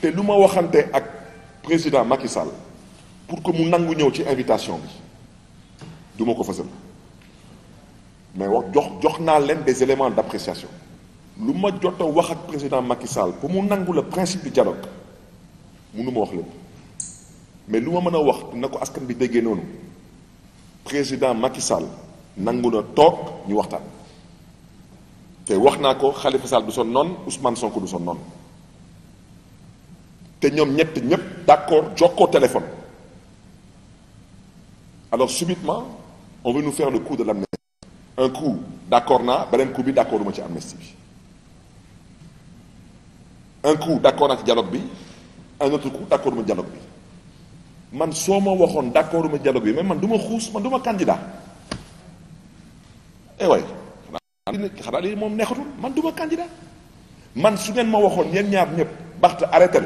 te lu ma waxante ak président Macky pour que mu nangu ñëw ci invitation bi du ma ko fësal mais wax jox jox naa leen des éléments d'appréciation lu ma jot a wax ak président Macky Sall pour mu nangu le principe du dialogue mënu ma wax lépp mais lu ma mën a wax na ko askan bi déggee noonu président Macky Sall nangu na toog ñu waxtaan te wax naa ko Khalifa Sall du son noon Ousmane Sonko du son noon te ñoom ñett ñëpp d'accord jokkoo téléphone alors subitement on veut nous faire le coup de l'amnistie un coup d'accord naa beneen coup bi d'accord duma ci amnistie bi un coup d'accord naa ci dialogue bi un autre coup d'accord duma dialogue bi man soo ma waxoon d'accord duma dialogue bi mais man du ma xuus man duma ma candidat eh waay xanaa lii moom neexatul man du ma candidat man su ngeen ma waxoon yeen ñaar ñëpp baxte arrêté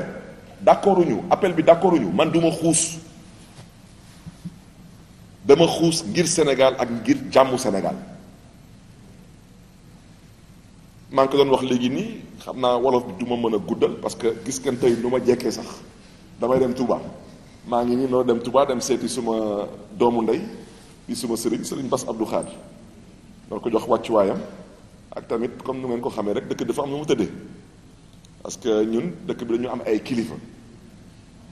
d'accordu ñu appel bi d'accordu ñu man duma xuus dama xuus ngir Sénégal ak ngir jàmmu Sénégal maa ngi ko doon wax léegi nii xam naa wolof bi du ma mën a guddal parce que gis ngeen tey nu ma jekkee sax damay dem Touba maa ngi nii noonu dem Touba dem seeti suma doomu ndey di suma sëriñ sëriñ Bass Abdou Khadre doon ko jox wàccuwaayam ak tamit comme nu ngeen ko xamee rek dëkk dafa am nu mu tëddee parce que ñun dëkk bi dañu am ay kilifa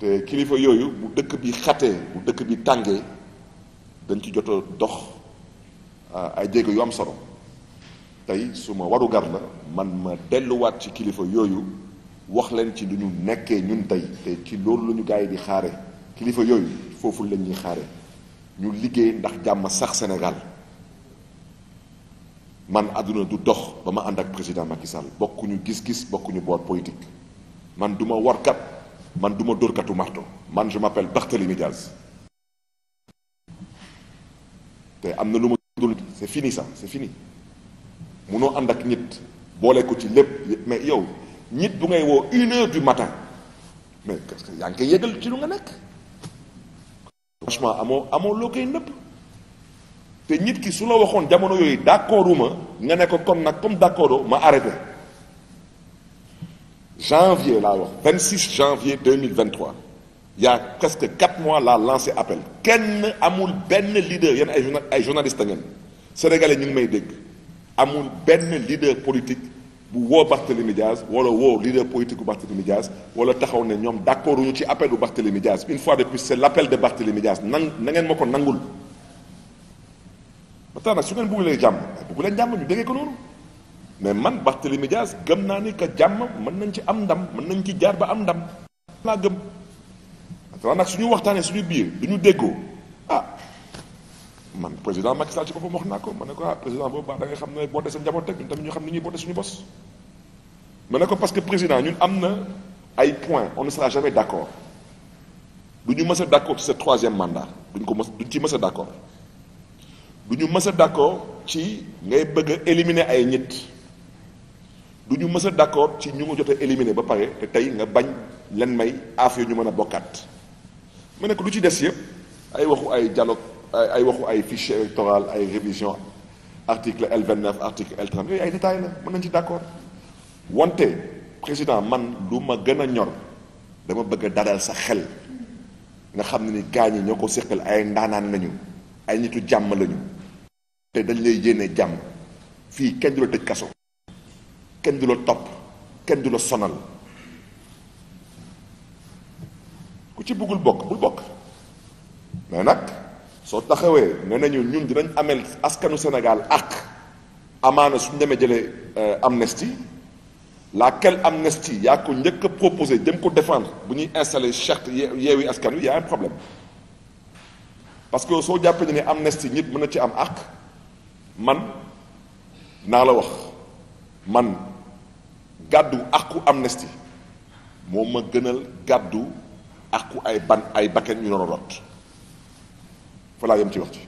te kilifa yooyu bu dëkk bi xate bu dëkk bi tàngee dañ ci jot dox euh, ay jéego yu am solo tey su ma waru gar la man ma delluwaat ci kilifa yooyu wax leen ci lu ñu nekkee ñun tey te ci loolu la ñu di xaare kilifa yooyu foofu la ñuy xaare ñu liggéey ndax jàmm sax Sénégal man àdduna du dox ba ma ànd ak président Macky Sall bokkuñu gis-gis bokkuñu boor politique man du ma warkat man duma ma dóorkatu marto man je m'appelle Barthélémy Diaz te am na lu ma dul c'est fini ça c'est fini munoo ànd ak nit boole ko ci lépp mais yow nit bu ngay woo une heure du matin mais yaa ngi koy yëgal ci lu nga nekk franchement amoo amoo loo koy nëpp te nit ki su la waxoon jamono yooyu ma nga ne ko comme nag comme d'accordo ma arrêté janvier laa wax 26 janvier 2023 il y a presque 4 mois laa lancé appel kenn amul benn leader yéen ay ay journaliste ngeen sénégalais ñu ngi may dégg amul benn leader politique bu woo Barthélémy Diaz wala woo leader politique bu Barthélémy Diaz taxaw ne ñoom d'accorduñu ci appel bu Barthélémy Diaz une fois de plus c'est l'appel de Barthélémy Diaz nan na ma ko nangul pourtant nag su ngeen bëggulee jàmm bëggu leen jàmm ñu déggee ko noonu mais man Barthélémy Dias gëm naa ni que jàmm mën nañ ci am ndam mën nañ ci jaar ba am ndam laa gëm pourtant nag suñu waxtaanee suñu biir du ñu déggoo ah man président Macky Sall ci boppam wax naa ko ma ne ko ah président boobu baax da nga xam ne boote sa njaboot rek ñun tamit ñu xam ni ñuy boote suñu bos ma ne ko parce que président ñun am na ay points on ne sera jamais d'accord du ñu mës a d'accord ci sa duñ ko mës duñ ci mës a du ñu mës a d'accord ci ngay bëgg a éliminer ay nit du ñu mës a d'accord ci ñu nga jot a éliminer ba pare te tey nga bañ leen may affaire ñu mën a bokkaat mu ne ko lu ci des yëpp ay waxu ay dialogue ay waxu ay fichier électoral ay révision article L29 article L30 yooyu ay détails la mën nañ ci d'accord wante président man lu ma gën a ñor dama bëgg a dalal sa xel nga xam ne ni gaañ yi ñoo ko séqal ay ndaanaan nañu ay nitu jàmm lañu te dañ lay yéene jàmm fii kenn du la tëj kaso kenn du la topp kenn du la sonal ku ci buggul bokk bul bokk mais nag soo taxawee ne nañu ñun dinañ ameel askanu Sénégal ak amaana suñ demee jëlee euh, amnistie laquelle amnistie yaa ko njëkk a proposé jëm ko défendre bu ñuy installé charte yeewi askan wi y a problème parce que soo jàppee ne amnistie nit mën na ci am ak man naa la wax man gàddu àqu amnistie moom ma gënal gàddu àqu ay ban ay bakkan ñu doon rot yem ci wax ci